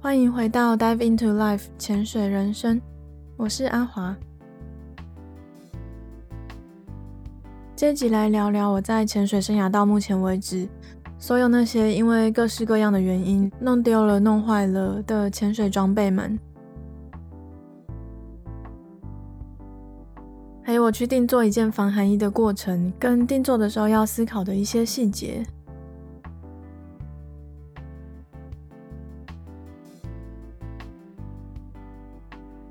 歡迎回到《Dive into Life》潛水人生，我是阿華。這集來聊聊我在潛水生涯到目前為止，所有那些因為各式各樣的原因弄丟了、弄壞了的潛水裝備們，還有我去定做一件防寒衣的過程，跟定做的時候要思考的一些細節。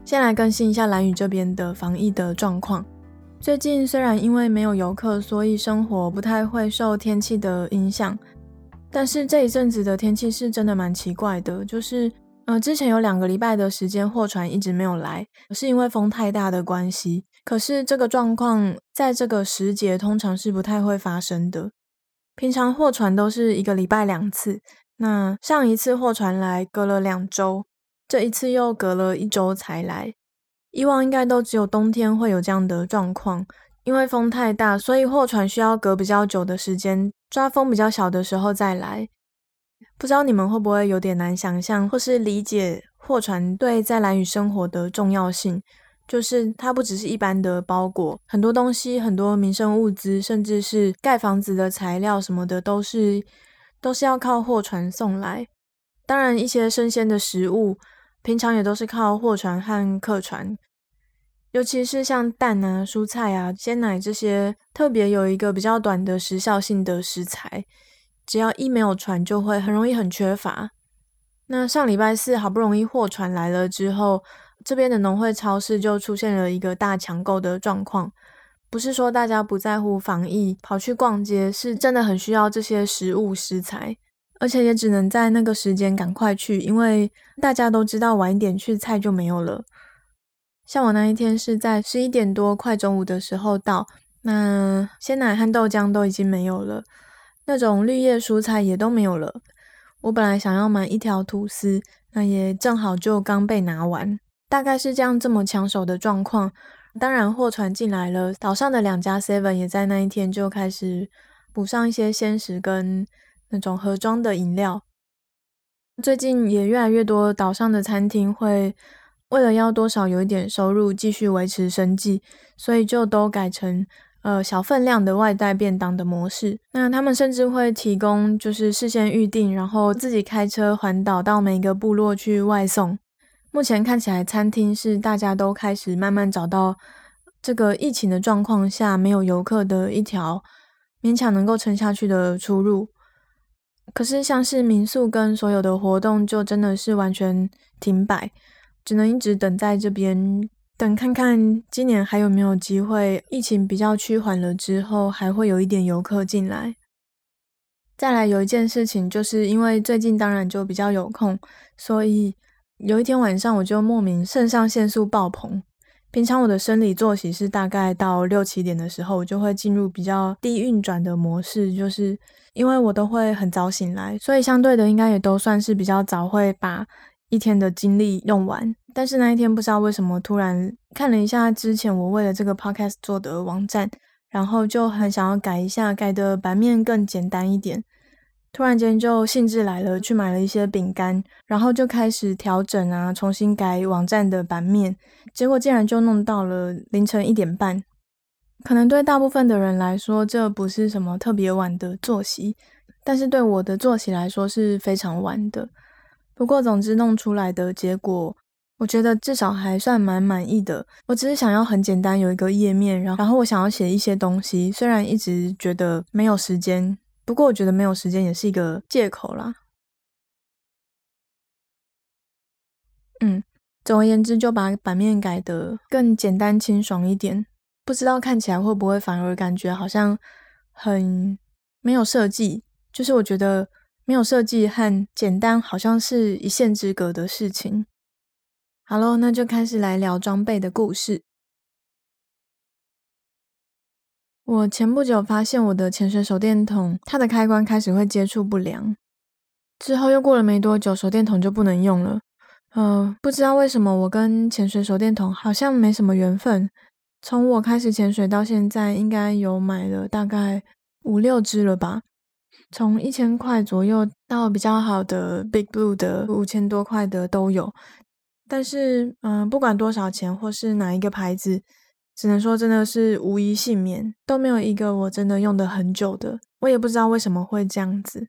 先來更新一下蘭嶼這邊的防疫的狀況。最近雖然因為沒有遊客，所以生活不太會受天氣的影響，但是這一陣子的天氣是真的蠻奇怪的。就是，呃，之前有兩個禮拜的時間，貨船一直沒有來，是因為風太大的關係。可是這個狀況在這個時節通常是不太會發生的。平常貨船都是一個禮拜兩次，那上一次貨船來隔了兩周。這一次又隔了一周才來，以往應該都只有冬天會有這樣的狀況，因為風太大，所以貨船需要隔比較久的時間，抓風比較小的時候再來。不知道你們會不會有點難想象，或是理解貨船對蘭嶼生活的重要性？就是它不只是一般的包裹，很多東西，很多民生物資，甚至是蓋房子的材料什麼的，都是都是要靠貨船送來。當然，一些生鮮的食物。平常也都是靠貨船和客船，尤其是像蛋啊、蔬菜啊、鮮奶這些特別有一個比較短的時效性的食材，只要一沒有船，就會很容易很缺乏。那上禮拜四好不容易貨船來了之後，這邊的農會超市就出現了一個大搶購的狀況。不是說大家不在乎防疫跑去逛街，是真的很需要這些食物食材。而且也只能在那個時間趕快去，因為大家都知道晚一點去菜就沒有了。像我那一天是在十一點多快中午的時候到，那鮮奶和豆漿都已經沒有了，那種綠葉蔬菜也都沒有了。我本來想要買一條吐司，那也正好就剛被拿完，大概是這樣這麼搶手的狀況。當然貨船進來了，島上的兩家 Seven 也在那一天就開始補上一些鮮食跟。那種盒裝的飲料，最近也越來越多島上的餐廳會為了要多少有一點收入，繼續維持生計，所以就都改成呃小分量的外帶便當的模式。那他們甚至會提供就是事先預訂，然後自己開車環島到每一個部落去外送。目前看起來，餐廳是大家都開始慢慢找到這個疫情的狀況下沒有遊客的一條勉強能夠撐下去的出路。可是，像是民宿跟所有的活動，就真的是完全停擺，只能一直等在這邊，等看看今年還有沒有機會。疫情比較趨緩了之後，還會有一點遊客進來。再來，有一件事情，就是因為最近當然就比較有空，所以有一天晚上，我就莫名腎上腺素爆棚。平常我的生理作息是大概到六七點的時候，我就會進入比較低運轉的模式，就是。因為我都會很早醒來，所以相對的應該也都算是比較早會把一天的精力用完。但是那一天不知道為什麼突然看了一下之前我為了這個 podcast 做的網站，然後就很想要改一下，改的版面更簡單一點。突然間就興致來了，去買了一些餅乾，然後就開始調整啊，重新改網站的版面，結果竟然就弄到了凌晨一點半。可能對大部分的人來說，這不是什麼特別晚的作息，但是對我的作息來說是非常晚的。不過，總之弄出來的結果，我覺得至少還算蠻滿意的。我只是想要很簡單有一個頁面，然後我想要寫一些東西。雖然一直覺得沒有時間，不過我覺得沒有時間也是一個借口啦。嗯，總而言之，就把版面改得更簡單清爽一點。不知道看起來會不會反而感覺好像很沒有設計，就是我覺得沒有設計和簡單好像是一線之隔的事情。好嘍，那就開始來聊裝備的故事。我前不久發現我的潛水手電筒，它的開關開始會接觸不良，之後又過了沒多久，手電筒就不能用了。嗯，不知道為什麼我跟潛水手電筒好像沒什麼緣分。從我開始潛水到現在，應該有買了大概五六支了吧。從一千塊左右到比較好的 Big Blue 的五千多塊的都有。但是，嗯、呃，不管多少錢或是哪一個牌子，只能說真的是無一幸免，都沒有一個我真的用的很久的。我也不知道為什麼會這樣子。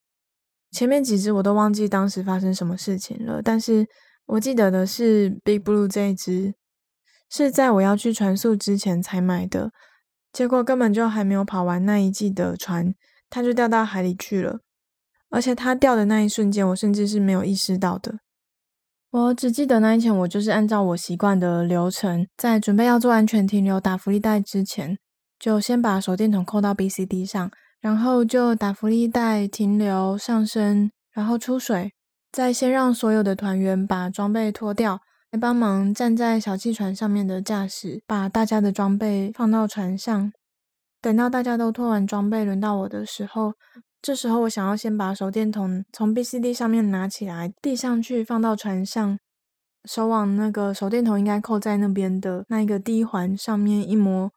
前面幾支我都忘記當時發生什麼事情了，但是我記得的是 Big Blue 這一支。是在我要去船宿之前才買的，結果根本就還沒有跑完那一季的船，它就掉到海裡去了。而且它掉的那一瞬間，我甚至是沒有意識到的。我只記得那一天，我就是按照我習慣的流程，在準備要做安全停留、打浮力袋之前，就先把手電筒扣到 B C D 上，然後就打浮力袋，停留、上升，然後出水，再先讓所有的團員把裝備脫掉。來幫忙，站在小汽船上面的駕駛，把大家的裝備放到船上。等到大家都脫完裝備，輪到我的時候，這時候我想要先把手電筒從 BCD 上面拿起來，遞上去放到船上，手往那個手電筒應該扣在那邊的那個 D 環上面一摸，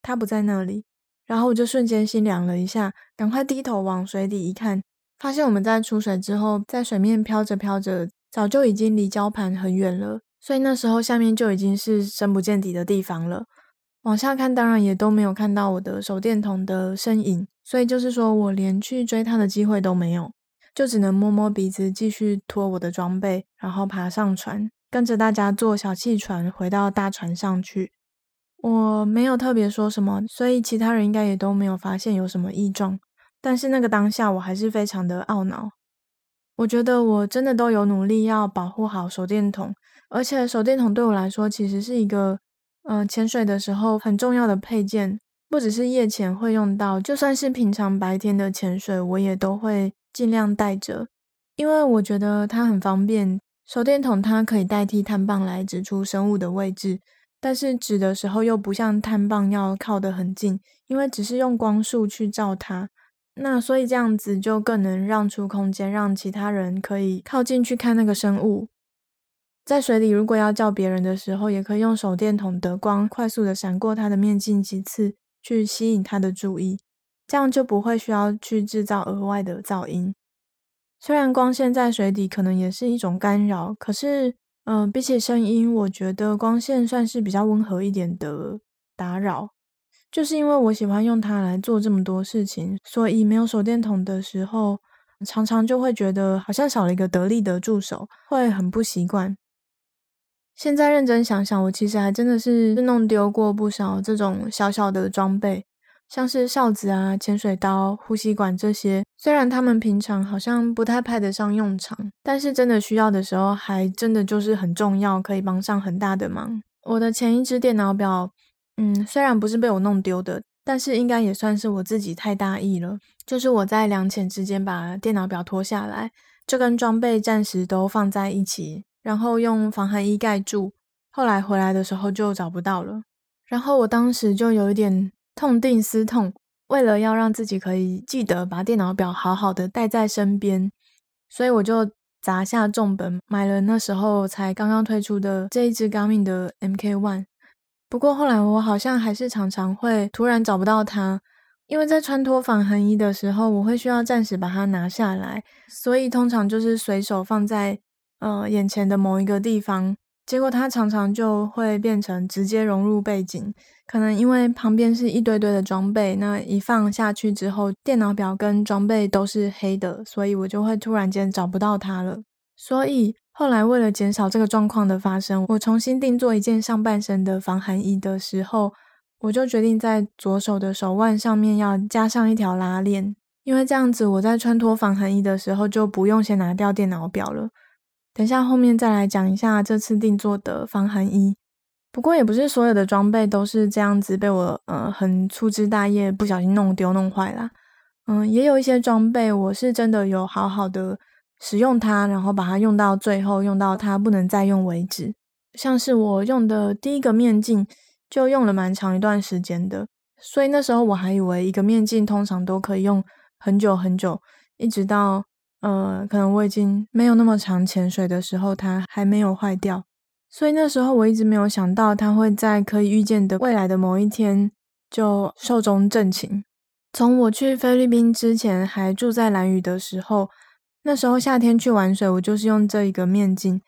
它不在那裡，然後我就瞬間心涼了一下，趕快低頭往水底一看，發現我們在出水之後，在水面飄着飄着，早就已經離礁盤很遠了。所以那時候下面就已經是深不見底的地方了，往下看當然也都沒有看到我的手電筒的身影，所以就是說我連去追它的機會都沒有，就只能摸摸鼻子繼續拖我的裝備，然後爬上船，跟着大家坐小汽船回到大船上去。我沒有特別說什麼，所以其他人應該也都沒有發現有什麼異狀，但是那個當下我還是非常的懊惱，我覺得我真的都有努力要保護好手電筒。而且手電筒對我來說其實是一個，嗯、呃，潛水的時候很重要的配件，不只是夜潛會用到，就算是平常白天的潛水，我也都會盡量帶着，因為我覺得它很方便。手電筒它可以代替探棒來指出生物的位置，但是指的時候又不像探棒要靠得很近，因為只是用光束去照它，那所以這樣子就更能讓出空間，讓其他人可以靠近去看那個生物。在水裡，如果要叫別人的時候，也可以用手電筒的光快速的閃過他的面鏡幾次，去吸引他的注意，這樣就不會需要去制造額外的噪音。雖然光線在水底可能也是一種干擾，可是，嗯、呃，比起聲音，我覺得光線算是比較溫和一點的打擾。就是因為我喜歡用它來做這麼多事情，所以沒有手電筒的時候，常常就會覺得好像少了一個得力的助手，會很不習慣。現在認真想想，我其實還真的是弄丟過不少這種小小的裝備，像是哨子啊、潛水刀、呼吸管這些。雖然他們平常好像不太派得上用場，但是真的需要的時候，還真的就是很重要，可以幫上很大的忙。我的前一支電腦錶，嗯，雖然不是被我弄丟的，但是應該也算是我自己太大意了。就是我在兩潛之間把電腦錶脫下來，這跟裝備暫時都放在一起。然後用防寒衣蓋住，後來回來的時候就找不到了。然後我當時就有一點痛定思痛，為了要讓自己可以記得把電腦錶好好的帶在身邊，所以我就砸下重本，買了那時候才剛剛推出的這一支 Garmin 的 MK One。不過後來我好像還是常常會突然找不到它，因為在穿脫防寒衣的時候，我會需要暫時把它拿下來，所以通常就是隨手放在。呃，眼前的某一個地方，結果它常常就會變成直接融入背景，可能因為旁邊是一堆堆的裝備，那一放下去之後，電腦表跟裝備都是黑的，所以我就會突然間找不到它了。所以後來為了減少這個狀況的發生，我重新定做一件上半身的防寒衣的時候，我就決定在左手的手腕上面要加上一條拉鏈，因為這樣子我在穿脫防寒衣的時候就不用先拿掉電腦表了。等一下，後面再來講一下這次定做的防寒衣。不過也不是所有的裝備都是這樣子被我呃很粗枝大葉不小心弄丟弄壞了。嗯，也有一些裝備我是真的有好好的使用它，然後把它用到最後，用到它不能再用為止。像是我用的第一個面鏡，就用了蠻長一段時間的，所以那時候我還以為一個面鏡通常都可以用很久很久，一直到，呃，可能我已經沒有那麼常潛水的時候，它還沒有壞掉，所以那時候我一直沒有想到它會在可以預見的未來的某一天就壽終正寢。從我去菲律賓之前，還住在蘭嶼的時候，那時候夏天去玩水，我就是用這一個面鏡，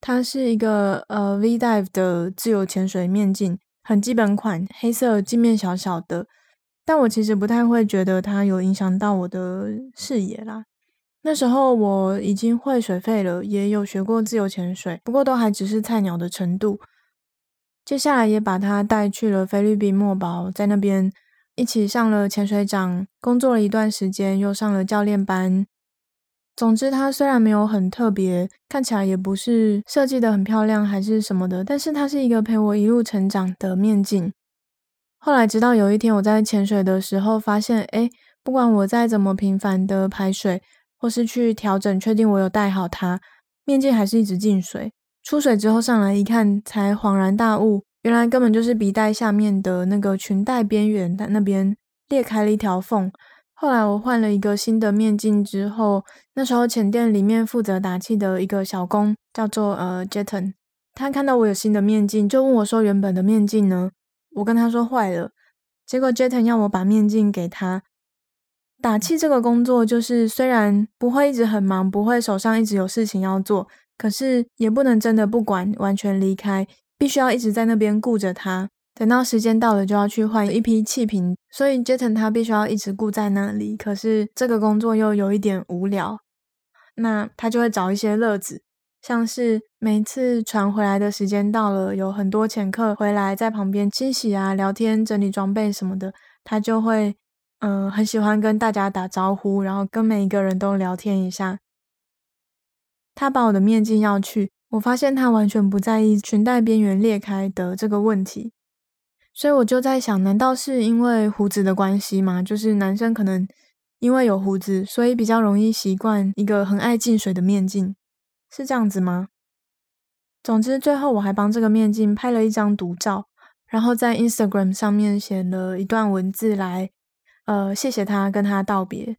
它是一個呃 V Dive 的自由潛水面鏡，很基本款，黑色鏡面小小的，但我其實不太會覺得它有影響到我的視野啦。那時候我已經會水肺了，也有學過自由潛水，不過都還只是菜鳥的程度。接下來也把他帶去了菲律賓墨寶，在那邊一起上了潛水長，工作了一段時間，又上了教練班。總之，他雖然沒有很特別，看起來也不是設計的很漂亮還是什麼的，但是他是一個陪我一路成長的面鏡。後來直到有一天我在潛水的時候發現，哎、欸，不管我再怎麼頻繁地排水。或是去調整，確定我有戴好它，面鏡還是一直進水。出水之後上來一看，才恍然大悟，原來根本就是鼻帶下面的那個裙帶邊緣，它那邊裂開了一條縫。後來我換了一個新的面鏡之後，那時候潛店裡面負責打氣的一個小工叫做呃 Jeton，他看到我有新的面鏡，就問我說：“原本的面鏡呢？”我跟他說壞了，結果 Jeton 要我把面鏡給他。打氣這個工作就是，雖然不會一直很忙，不會手上一直有事情要做，可是也不能真的不管，完全離開，必須要一直在那邊顧着他。等到時間到了，就要去換一批氣瓶，所以杰騰他必須要一直顧在那裡。可是這個工作又有一點無聊，那他就會找一些樂子，像是每次船回來的時間到了，有很多潛客回來，在旁邊清洗啊、聊天、整理裝備什麼的，他就會。嗯、呃，很喜歡跟大家打招呼，然後跟每一個人都聊天一下。他把我的面鏡要去，我發現他完全不在意裙帶邊緣裂開的這個問題，所以我就在想，難道是因為鬍子的關係嗎？就是男生可能因為有鬍子，所以比較容易習慣一個很愛進水的面鏡。是這樣子嗎？總之，最後我還幫這個面鏡拍了一張獨照，然後在 Instagram 上面寫了一段文字來。呃，謝謝他，跟他道別。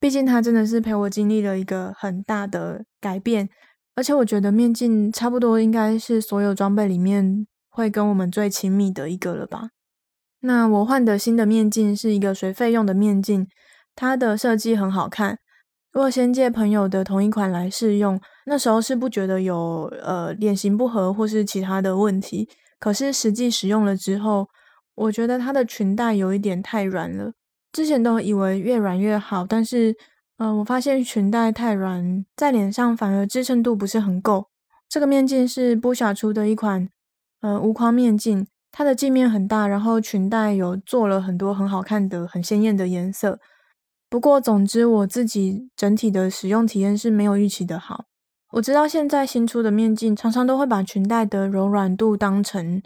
畢竟他真的是陪我經歷了一個很大的改變，而且我覺得面鏡差不多應該是所有裝備裡面會跟我們最親密的一個了吧。那我換的新的面鏡是一個水肺用的面鏡，它的設計很好看，如果先借朋友的同一款來試用，那時候是不覺得有呃臉型不合或是其他的問題，可是實際使用了之後，我覺得它的裙帶有一點太軟了。之前都以為越軟越好，但是，嗯、呃，我發現裙帶太軟，在臉上反而支撐度不是很夠。這個面鏡是波小出的一款，呃，無框面鏡，它的鏡面很大，然後裙帶有做了很多很好看的、很鮮豔的顏色。不過，總之我自己整體的使用體驗是沒有預期的好。我知道現在新出的面鏡常常都會把裙帶的柔軟度當成，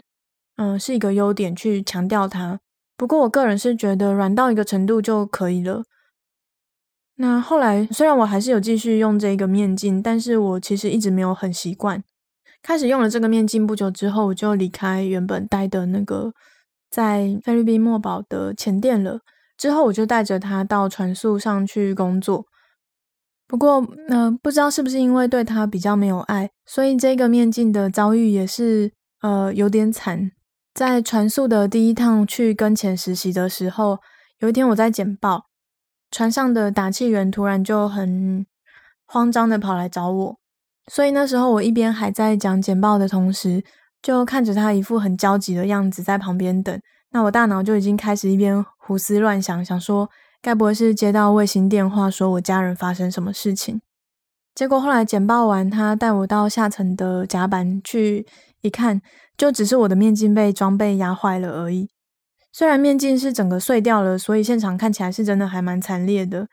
嗯、呃，是一個優點去強調它。不過，我個人是覺得軟到一個程度就可以了。那後來，雖然我還是有繼續用這個面鏡，但是我其實一直沒有很習慣。開始用了這個面鏡不久之後，我就離開原本待的那個在菲律賓墨寶的潛店了。之後，我就帶着它到船宿上去工作。不過，嗯、呃，不知道是不是因為對它比較沒有愛，所以這個面鏡的遭遇也是呃有點慘。在船速的第一趟去跟前實習的時候，有一天我在簡報，船上的打氣員突然就很慌張的跑來找我，所以那時候我一邊還在講簡報的同時，就看着他一副很焦急的樣子在旁邊等。那我大腦就已經開始一邊胡思亂想，想說該不會是接到衛星電話，說我家人發生什麼事情？結果後來簡報完，他帶我到下層的甲板去一看。就只是我的面鏡被裝備壓壞了而已，雖然面鏡是整個碎掉了，所以現場看起來是真的還蠻慘烈的。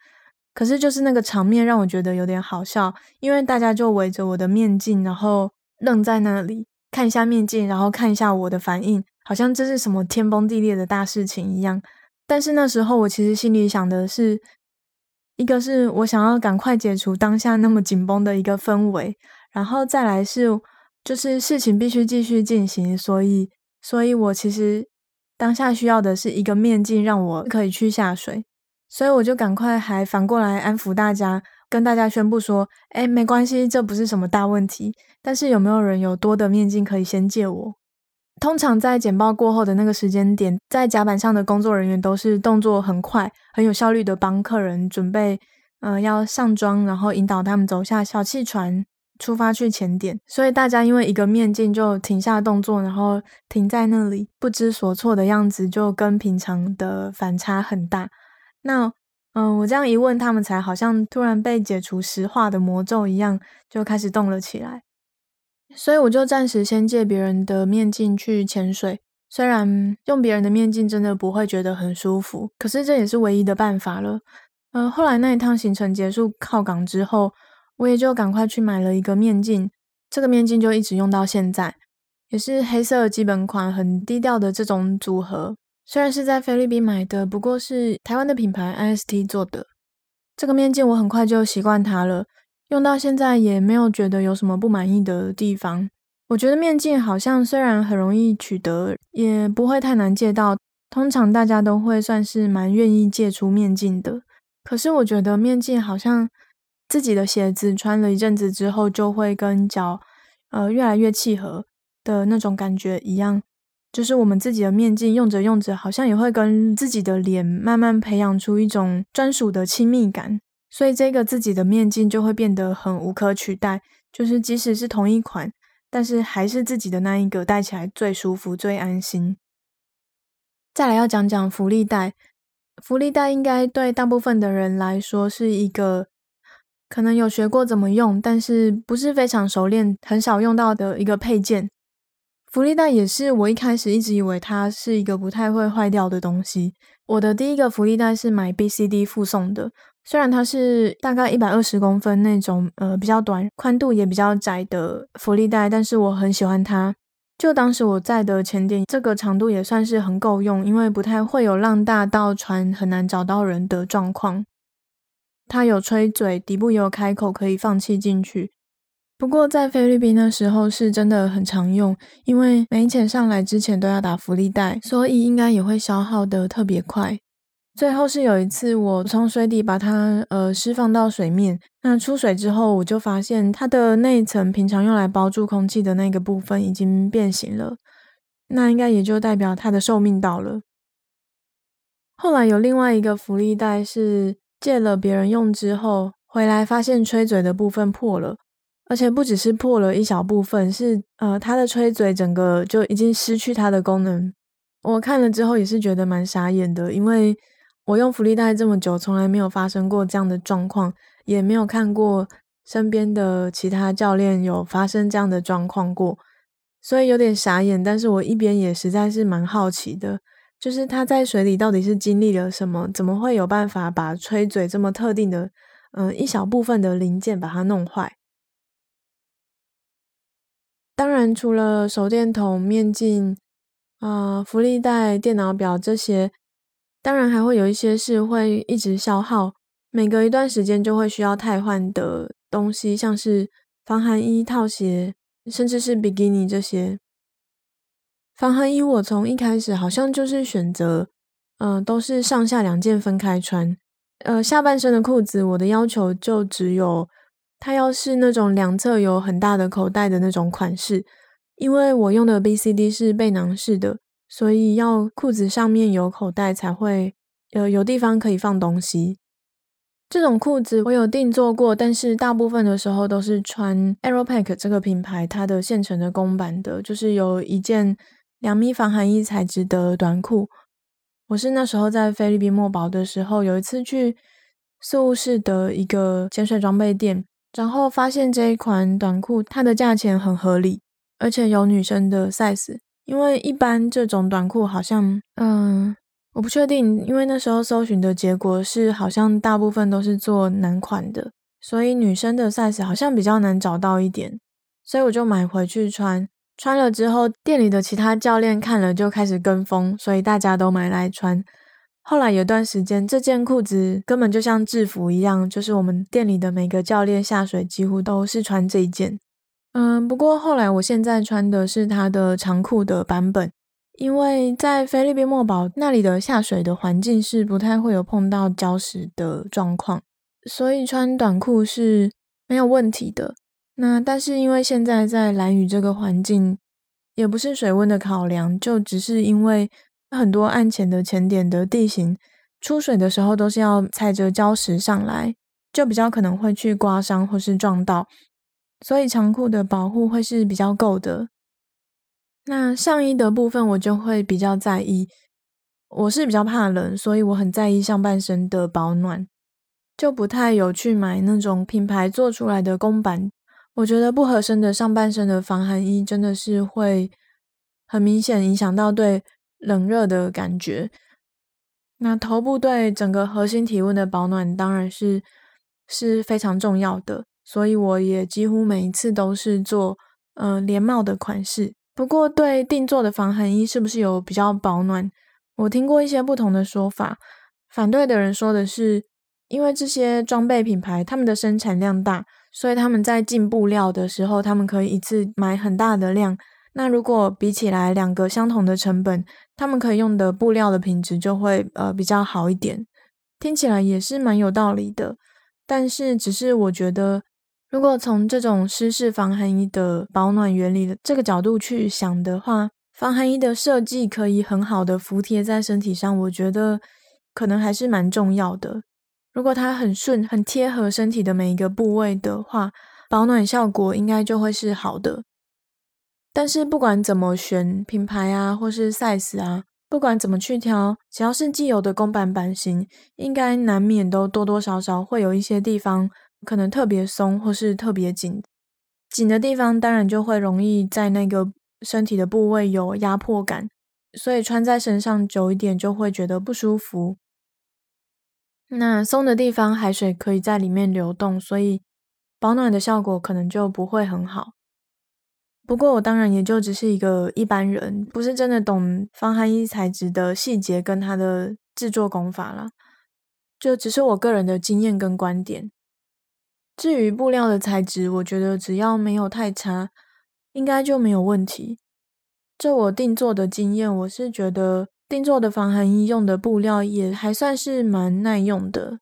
可是就是那個場面讓我覺得有點好笑，因為大家就圍着我的面鏡，然後愣在那裡，看一下面鏡，然後看一下我的反應，好像這是什麼天崩地裂的大事情一樣。但是那時候我其實心裡想的是，一個是我想要趕快解除當下那麼緊繃的一個氛圍，然後再來是，就是事情必須繼續進行，所以，所以我其實當下需要的是一個面鏡，讓我可以去下水，所以我就趕快還反過來安撫大家，跟大家宣布說：“哎、欸，沒關係，這不是什麼大問題。”但是有沒有人有多的面鏡可以先借我？通常在簡報過後的那個時間點，在甲板上的工作人員都是動作很快、很有效率的，幫客人準備，嗯、呃，要上妝，然後引導他們走下小汽船。出發去潛點，所以大家因為一個面鏡就停下動作，然後停在那裡不知所措的樣子，就跟平常的反差很大。那嗯、呃，我這樣一問，他們才好像突然被解除石化的魔咒一樣，就開始動了起來。所以我就暫時先借別人的面鏡去潛水，雖然用別人的面鏡真的不會覺得很舒服，可是這也是唯一的辦法了。嗯、呃，後來那一趟行程結束靠港之後。我也就趕快去買了一個面鏡，這個面鏡就一直用到現在，也是黑色基本款，很低調的這種組合。雖然是在菲律賓買的，不過是台灣的品牌 IST 做的。這個面鏡我很快就習慣它了，用到現在也沒有覺得有什麼不滿意的地方。我覺得面鏡好像雖然很容易取得，也不會太難借到，通常大家都會算是蠻願意借出面鏡的。可是我覺得面鏡好像。自己的鞋子穿了一陣子之後，就會跟腳，呃，越來越契合的那種感覺一樣。就是我們自己的面鏡用着用着，好像也會跟自己的臉慢慢培養出一種專屬的親密感，所以這個自己的面鏡就會變得很無可取代。就是即使是同一款，但是還是自己的那一個戴起來最舒服、最安心。再來要講講浮力袋，浮力袋應該對大部分的人來說是一個。可能有學過怎麼用，但是不是非常熟練，很少用到的一個配件。浮力袋也是我一開始一直以為它是一個不太會壞掉的東西。我的第一個浮力袋是買 BCD 附送的，雖然它是大概一百二十公分那種，呃，比較短，寬度也比較窄的浮力袋，但是我很喜歡它。就當時我在的潛店，這個長度也算是很夠用，因為不太會有浪大到船很難找到人的狀況。它有吹嘴，底部也有開口可以放氣進去。不過在菲律賓的時候是真的很常用，因為每一潛上來之前都要打浮力袋，所以應該也會消耗的特別快。最後是有一次我從水底把它呃釋放到水面，那出水之後我就發現它的內層平常用來包住空氣的那個部分已經變形了，那應該也就代表它的壽命到了。後來有另外一個浮力袋是。借了別人用之後回來，發現吹嘴的部分破了，而且不只是破了一小部分，是呃，他的吹嘴整個就已經失去它的功能。我看了之後也是覺得蠻傻眼的，因為我用浮力袋這麼久，從來沒有發生過這樣的狀況，也沒有看過身邊的其他教練有發生這樣的狀況過，所以有點傻眼。但是我一邊也實在是蠻好奇的。就是他在水裡到底是經歷了什麼？怎麼會有辦法把吹嘴這麼特定的，嗯、呃，一小部分的零件把它弄壞？當然，除了手電筒、面鏡、啊、呃，浮力袋、電腦表這些，當然還會有一些是會一直消耗，每隔一段時間就會需要汰換的東西，像是防寒衣、套鞋，甚至是比基尼這些。防寒衣，我從一開始好像就是選擇，嗯、呃，都是上下兩件分開穿。呃，下半身的褲子，我的要求就只有，它要是那種兩側有很大的口袋的那種款式，因為我用的 B C D 是背囊式的，所以要褲子上面有口袋才會有、呃、有地方可以放東西。這種褲子我有定做過，但是大部分的時候都是穿 Aeropack 這個品牌它的現成的公版的，就是有一件。兩米防寒衣材質的短褲，我是那時候在菲律賓墨寶的時候，有一次去宿務市的一個潛水裝備店，然後發現這一款短褲，它的價錢很合理，而且有女生的 size，因為一般這種短褲好像，嗯、呃，我不確定，因為那時候搜尋的結果是好像大部分都是做男款的，所以女生的 size 好像比較難找到一點，所以我就買回去穿。穿了之後，店裡的其他教練看了就開始跟風，所以大家都買來穿。後來有段時間，這件褲子根本就像制服一樣，就是我們店裡的每個教練下水幾乎都是穿這一件。嗯，不過後來我現在穿的是它的長褲的版本，因為在菲律賓墨寶那裡的下水的環境是不太會有碰到礁石的狀況，所以穿短褲是沒有問題的。那但是因為現在在蘭嶼這個環境，也不是水溫的考量，就只是因為很多岸潛的潛點的地形，出水的時候都是要踩着礁石上來，就比較可能會去刮傷或是撞到，所以長褲的保護會是比較夠的。那上衣的部分我就會比較在意，我是比較怕冷，所以我很在意上半身的保暖，就不太有去買那種品牌做出來的公版。我覺得不合身的上半身的防寒衣真的是會很明顯影響到對冷熱的感覺。那頭部對整個核心體溫的保暖當然是是非常重要的，所以我也幾乎每一次都是做嗯、呃、連帽的款式。不過對定做的防寒衣是不是有比較保暖，我聽過一些不同的說法。反對的人說的是，因為這些裝備品牌他們的生產量大。所以他們在進布料的時候，他們可以一次買很大的量。那如果比起來兩個相同的成本，他們可以用的布料的品質就會呃比較好一點。聽起來也是蠻有道理的，但是只是我覺得，如果從這種濕式防寒衣的保暖原理的這個角度去想的話，防寒衣的設計可以很好的服貼在身體上，我覺得可能還是蠻重要的。如果它很順、很貼合身體的每一個部位的話，保暖效果應該就會是好的。但是不管怎麼選品牌啊，或是 size 啊，不管怎麼去挑，只要是既有的公版版型，應該難免都多多少少會有一些地方可能特別鬆，或是特別緊。緊的地方當然就會容易在那個身體的部位有壓迫感，所以穿在身上久一點就會覺得不舒服。那鬆的地方，海水可以在裡面流動，所以保暖的效果可能就不會很好。不過我當然也就只是一個一般人，不是真的懂防寒衣材質的細節跟它的製作工法啦，就只是我個人的經驗跟觀點。至於布料的材質，我覺得只要沒有太差，應該就沒有問題。這我定做的經驗，我是覺得。定做的防寒衣用的布料也還算是蠻耐用的。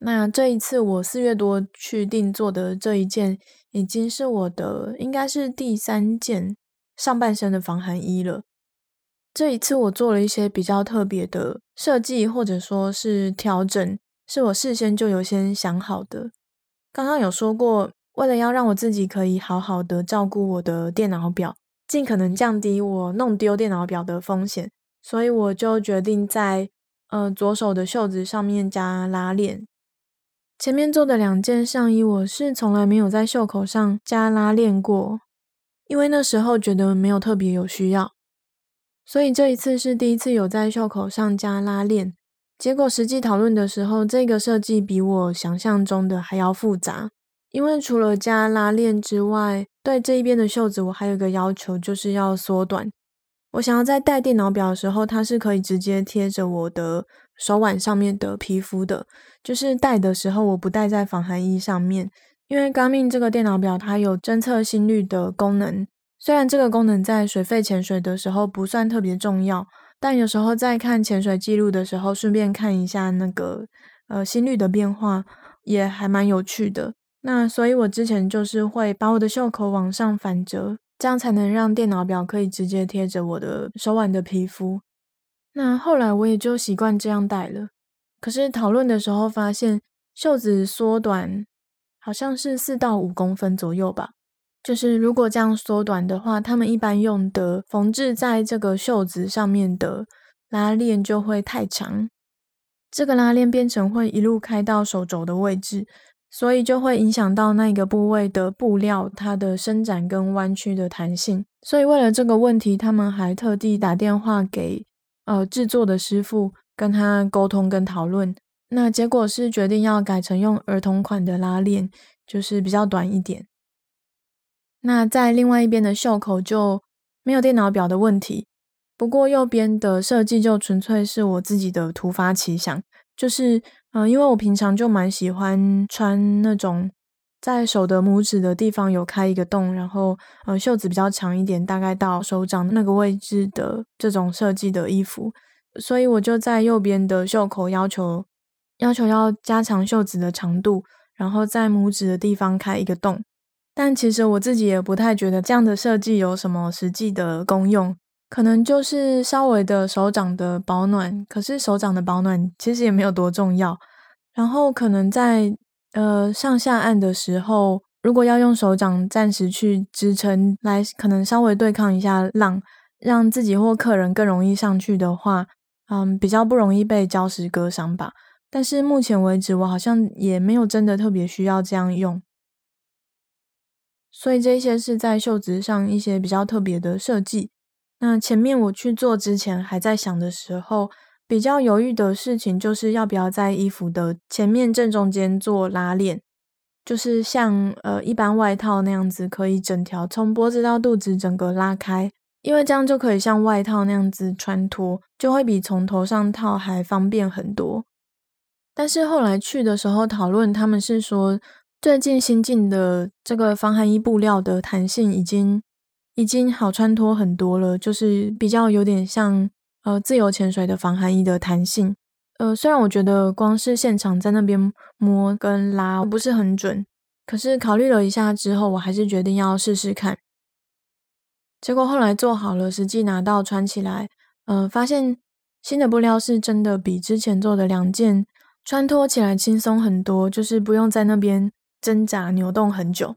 那這一次我四月多去定做的這一件，已經是我的應該是第三件上半身的防寒衣了。這一次我做了一些比較特別的設計，或者說是調整，是我事先就有先想好的。剛剛有說過，為了要讓我自己可以好好的照顧我的電腦表。盡可能降低我弄丟電腦表的風險，所以我就決定在呃左手的袖子上面加拉鏈。前面做的兩件上衣，我是從來沒有在袖口上加拉鏈過，因為那時候覺得沒有特別有需要。所以這一次是第一次有在袖口上加拉鏈。結果實際討論的時候，這個設計比我想象中的還要複雜。因為除了加拉鏈之外，對這一邊的袖子，我還有一個要求，就是要縮短。我想要在戴電腦錶的時候，它是可以直接貼着我的手腕上面的皮膚的，就是戴的時候，我不戴在防寒衣上面。因為 Garmin 這個電腦錶它有偵測心率的功能，雖然這個功能在水肺潛水的時候不算特別重要，但有時候在看潛水記錄的時候，順便看一下那個，呃心率的變化，也還蠻有趣的。那所以，我之前就是會把我的袖口往上反折，這樣才能讓電腦錶可以直接貼着我的手腕的皮膚。那後來我也就習慣這樣戴了。可是討論的時候發現，袖子縮短好像是四到五公分左右吧。就是如果這樣縮短的話，他們一般用的縫製在這個袖子上面的拉鏈就會太長，這個拉鏈變成會一路開到手肘的位置。所以就會影響到那一個部位的布料，它的伸展跟彎曲的彈性。所以為了這個問題，他們還特地打電話給呃製作的師傅，跟他溝通跟討論。那結果是決定要改成用兒童款的拉鏈，就是比較短一點。那在另外一邊的袖口就沒有電腦表的問題。不過右邊的設計就純粹是我自己的突發奇想，就是。嗯，因為我平常就蠻喜歡穿那種在手的拇指的地方有開一個洞，然後呃袖子比較長一點，大概到手掌那個位置的這種設計的衣服，所以我就在右邊的袖口要求要求要加長袖子的長度，然後在拇指的地方開一個洞，但其實我自己也不太覺得這樣的設計有什麼實際的功用。可能就是稍微的手掌的保暖，可是手掌的保暖其實也沒有多重要。然後可能在呃上下岸的時候，如果要用手掌暫時去支撐，來可能稍微對抗一下浪，讓自己或客人更容易上去的話，嗯，比較不容易被礁石割傷吧。但是目前為止，我好像也沒有真的特別需要這樣用。所以這些是在袖子上一些比較特別的設計。那前面我去做之前還在想的時候，比較猶豫的事情就是要不要在衣服的前面正中間做拉鏈就是像呃一般外套那樣子，可以整條從脖子到肚子整個拉開，因為這樣就可以像外套那樣子穿脫，就會比從頭上套還方便很多。但是後來去的時候討論，他們是說最近新進的這個防寒衣布料的彈性已經。已經好穿脫很多了，就是比較有點像呃自由潛水的防寒衣的彈性。呃，雖然我覺得光是現場在那邊摸跟拉不是很準，可是考慮了一下之後，我還是決定要試試看。結果後來做好了，實際拿到穿起來，嗯、呃，發現新的布料是真的比之前做的兩件穿脫起來輕鬆很多，就是不用在那邊掙扎扭動很久。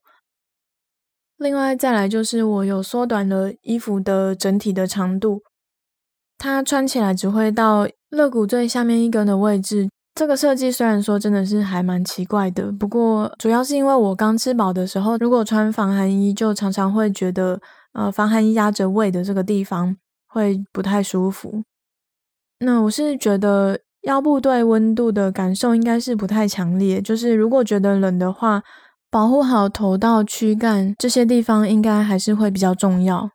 另外再來就是我有縮短了衣服的整體的長度，它穿起來只會到肋骨最下面一根的位置。這個設計雖然說真的是還蠻奇怪的，不過主要是因為我剛吃飽的時候，如果穿防寒衣，就常常會覺得，呃防寒衣壓着胃的這個地方會不太舒服。那我是覺得腰部對溫度的感受應該是不太強烈，就是如果覺得冷的話。保護好頭到軀幹這些地方應該還是會比較重要。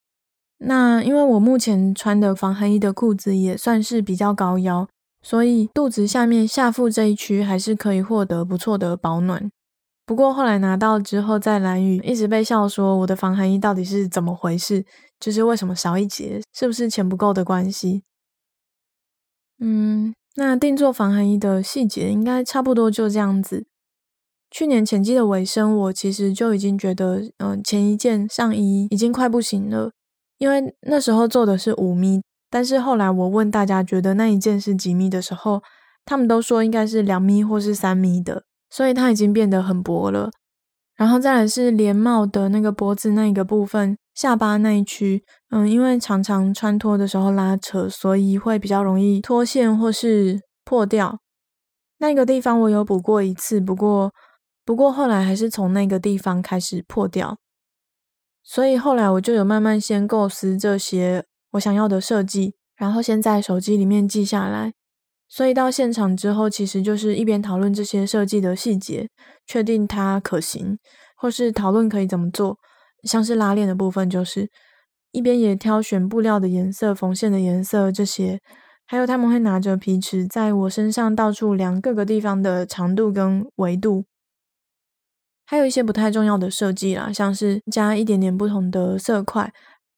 那因為我目前穿的防寒衣的褲子也算是比較高腰，所以肚子下面下腹這一區還是可以獲得不錯的保暖。不過後來拿到之後在蘭嶼一直被笑說我的防寒衣到底是怎麼回事？就是為什麼少一截？是不是錢不夠的關係？嗯，那訂做防寒衣的細節應該差不多就這樣子。去年前期的尾聲，我其實就已經覺得，嗯，前一件上衣已經快不行了，因為那時候做的是五米，但是後來我問大家覺得那一件是幾米的時候，他們都說應該是兩米或是三米的，所以它已經變得很薄了。然後再來是連帽的那個脖子那個部分，下巴那一區，嗯，因為常常穿脫的時候拉扯，所以會比較容易脫線或是破掉。那個地方我有補過一次，不過，不過後來還是從那個地方開始破掉，所以後來我就有慢慢先構思這些我想要的設計，然後先在手機裡面記下來。所以到現場之後，其實就是一邊討論這些設計的細節，確定它可行，或是討論可以怎麼做。像是拉鏈的部分，就是一邊也挑選布料的顏色、縫線的顏色這些，還有他們會拿着皮尺在我身上到處量各個地方的長度跟圍度。還有一些不太重要的設計啦，像是加一點點不同的色塊，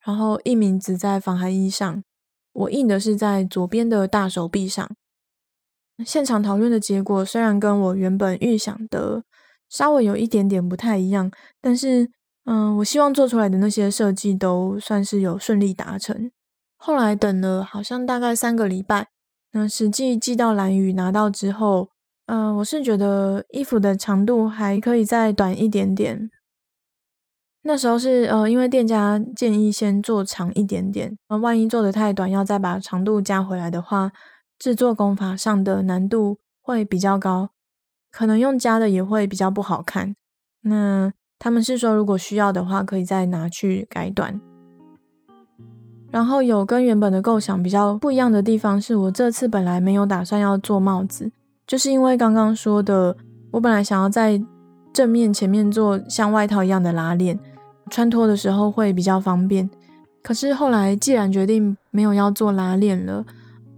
然後印名字在防寒衣上，我印的是在左邊的大手臂上。現場討論的結果雖然跟我原本預想的稍微有一點點不太一樣，但是嗯、呃，我希望做出來的那些設計都算是有順利達成。後來等了好像大概三個禮拜，那實際寄到蘭嶼拿到之後。嗯、呃，我是覺得衣服的長度還可以再短一點點。那時候是呃，因為店家建議先做長一點點，那、呃、萬一做的太短，要再把長度加回來的話，製作工法上的難度會比較高，可能用加的也會比較不好看。那他們是說，如果需要的話，可以再拿去改短。然後有跟原本的構想比較不一樣的地方是，我這次本來沒有打算要做帽子。就是因為剛剛說的，我本來想要在正面前面做像外套一樣的拉鏈，穿脫的時候會比較方便。可是後來既然決定沒有要做拉鏈了，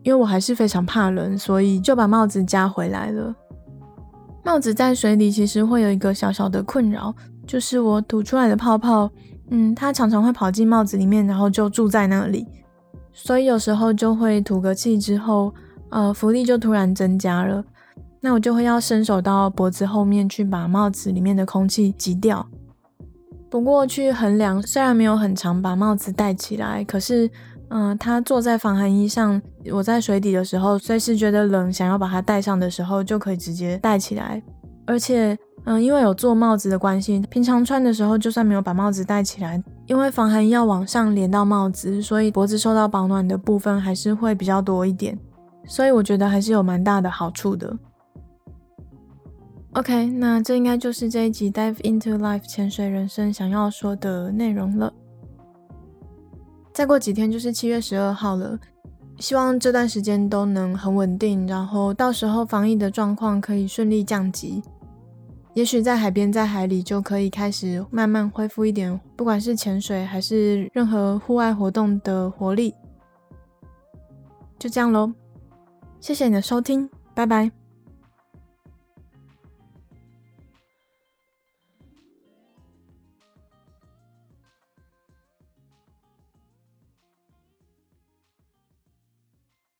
因為我還是非常怕冷，所以就把帽子加回來了。帽子在水裡其實會有一個小小的困擾，就是我吐出來的泡泡，嗯，它常常會跑進帽子裡面，然後就住在那裡，所以有時候就會吐個氣之後，呃，浮力就突然增加了。那我就會要伸手到脖子後面去把帽子裡面的空氣擠掉。不過去衡量，雖然沒有很常把帽子戴起來，可是，嗯、呃，它做在防寒衣上，我在水底的時候，隨時覺得冷，想要把它戴上的時候，就可以直接戴起來。而且，嗯、呃，因為有做帽子的關係，平常穿的時候，就算沒有把帽子戴起來，因為防寒衣要往上連到帽子，所以脖子受到保暖的部分還是會比較多一點。所以我覺得還是有蠻大的好處的。OK，那這應該就是這一集《Dive into Life》潛水人生想要說的內容了。再過幾天就是七月十二號了，希望這段時間都能很穩定，然後到時候防疫的狀況可以順利降級。也許在海邊、在海裡就可以開始慢慢恢復一點，不管是潛水還是任何戶外活動的活力。就這樣嘍，謝謝你的收聽，拜拜。